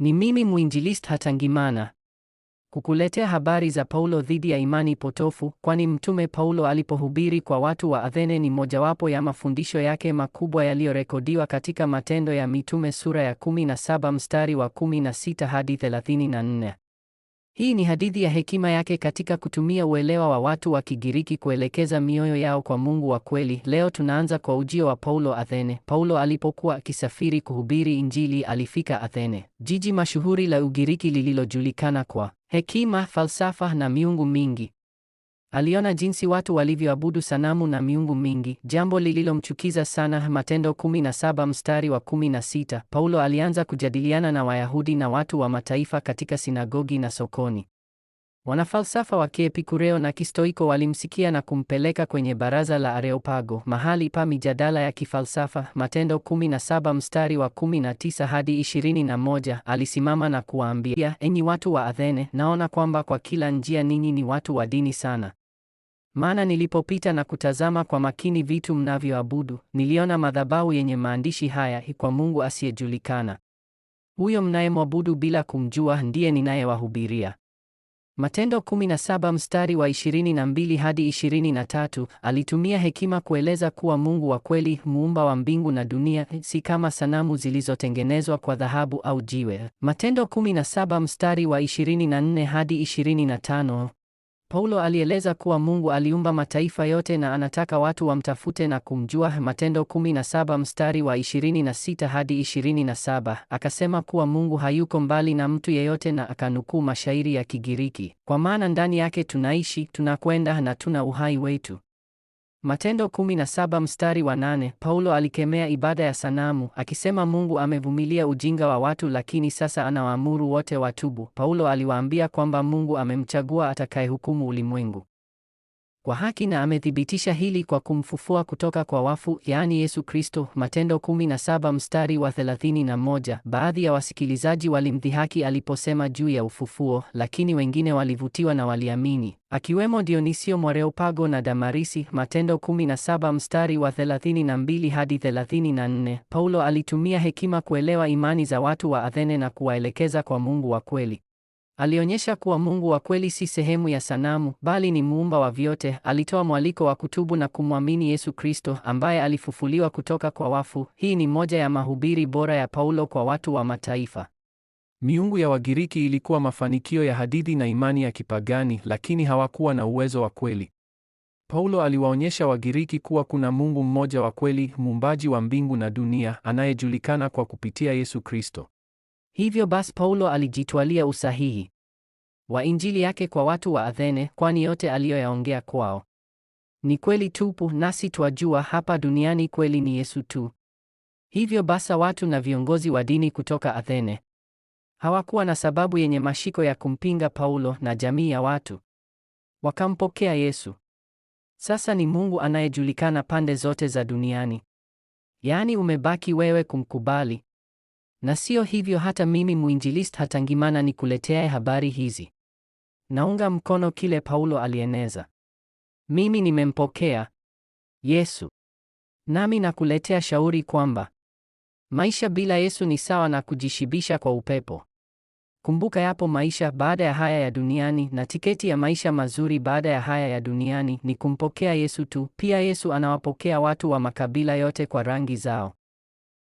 Ni mimi mwinjilist Hatangimana kukuletea habari za Paulo dhidi ya imani potofu, kwani Mtume Paulo alipohubiri kwa watu wa Athene ni mojawapo ya mafundisho yake makubwa yaliyorekodiwa katika Matendo ya Mitume sura ya 17 mstari wa 16 hadi 34. Hii ni hadithi ya hekima yake katika kutumia uelewa wa watu wa Kigiriki kuelekeza mioyo yao kwa Mungu wa kweli. Leo tunaanza kwa ujio wa Paulo Athene. Paulo alipokuwa akisafiri kuhubiri Injili, alifika Athene, jiji mashuhuri la Ugiriki lililojulikana kwa hekima, falsafa na miungu mingi. Aliona jinsi watu walivyoabudu sanamu na miungu mingi, jambo lililomchukiza sana. Matendo 17 mstari wa 16. Paulo alianza kujadiliana na Wayahudi na watu wa mataifa katika sinagogi na sokoni. Wanafalsafa wa Kiepikureo na Kistoiko walimsikia na kumpeleka kwenye baraza la Areopago, mahali pa mijadala ya kifalsafa. Matendo 17 mstari wa 19 hadi 21. Alisimama na kuwaambia, enyi watu wa Athene, naona kwamba kwa kila njia ninyi ni watu wa dini sana. Maana nilipopita na kutazama kwa makini vitu mnavyoabudu, niliona madhabahu yenye maandishi haya, kwa Mungu asiyejulikana. Huyo mnayemwabudu bila kumjua ndiye ninayewahubiria. Matendo 17 mstari wa 22 hadi 23. Alitumia hekima kueleza kuwa Mungu wa kweli, muumba wa mbingu na dunia, si kama sanamu zilizotengenezwa kwa dhahabu au jiwe. Matendo 17 mstari wa 24 hadi 25. Paulo alieleza kuwa Mungu aliumba mataifa yote na anataka watu wamtafute na kumjua, Matendo 17 mstari wa 26 hadi 27. Akasema kuwa Mungu hayuko mbali na mtu yeyote, na akanukuu mashairi ya Kigiriki, kwa maana ndani yake tunaishi, tunakwenda na tuna uhai wetu. Matendo 17 mstari wa nane, Paulo alikemea ibada ya sanamu akisema, Mungu amevumilia ujinga wa watu, lakini sasa anawaamuru wote watubu. Paulo aliwaambia kwamba Mungu amemchagua atakayehukumu ulimwengu kwa haki na amethibitisha hili kwa kumfufua kutoka kwa wafu, yaani Yesu Kristo, Matendo 17 mstari wa 31. Baadhi ya wasikilizaji walimdhihaki aliposema juu ya ufufuo, lakini wengine walivutiwa na waliamini, akiwemo Dionisio Mwareopago na Damarisi. Matendo 17 mstari wa 32 hadi 34. Paulo alitumia hekima kuelewa imani za watu wa Athene na kuwaelekeza kwa Mungu wa kweli. Alionyesha kuwa Mungu wa kweli si sehemu ya sanamu, bali ni muumba wa vyote. Alitoa mwaliko wa kutubu na kumwamini Yesu Kristo ambaye alifufuliwa kutoka kwa wafu. Hii ni moja ya mahubiri bora ya Paulo kwa watu wa mataifa. Miungu ya Wagiriki ilikuwa mafanikio ya hadithi na imani ya kipagani, lakini hawakuwa na uwezo wa kweli. Paulo aliwaonyesha Wagiriki kuwa kuna Mungu mmoja wa kweli, muumbaji wa mbingu na dunia, anayejulikana kwa kupitia Yesu Kristo. Hivyo basi Paulo alijitwalia usahihi wa Injili yake kwa watu wa Athene, kwani yote aliyoyaongea kwao ni kweli tupu, nasi twajua hapa duniani kweli ni Yesu tu. Hivyo basa, watu na viongozi wa dini kutoka Athene hawakuwa na sababu yenye mashiko ya kumpinga Paulo na jamii ya watu, wakampokea Yesu. Sasa ni Mungu anayejulikana pande zote za duniani. Yaani umebaki wewe kumkubali. Na sio hivyo, hata mimi muinjilist Hatangimana nikuleteaye habari hizi Naunga mkono kile Paulo alieneza. Mimi nimempokea Yesu, nami nakuletea shauri kwamba maisha bila Yesu ni sawa na kujishibisha kwa upepo. Kumbuka, yapo maisha baada ya haya ya duniani, na tiketi ya maisha mazuri baada ya haya ya duniani ni kumpokea Yesu tu. Pia Yesu anawapokea watu wa makabila yote kwa rangi zao.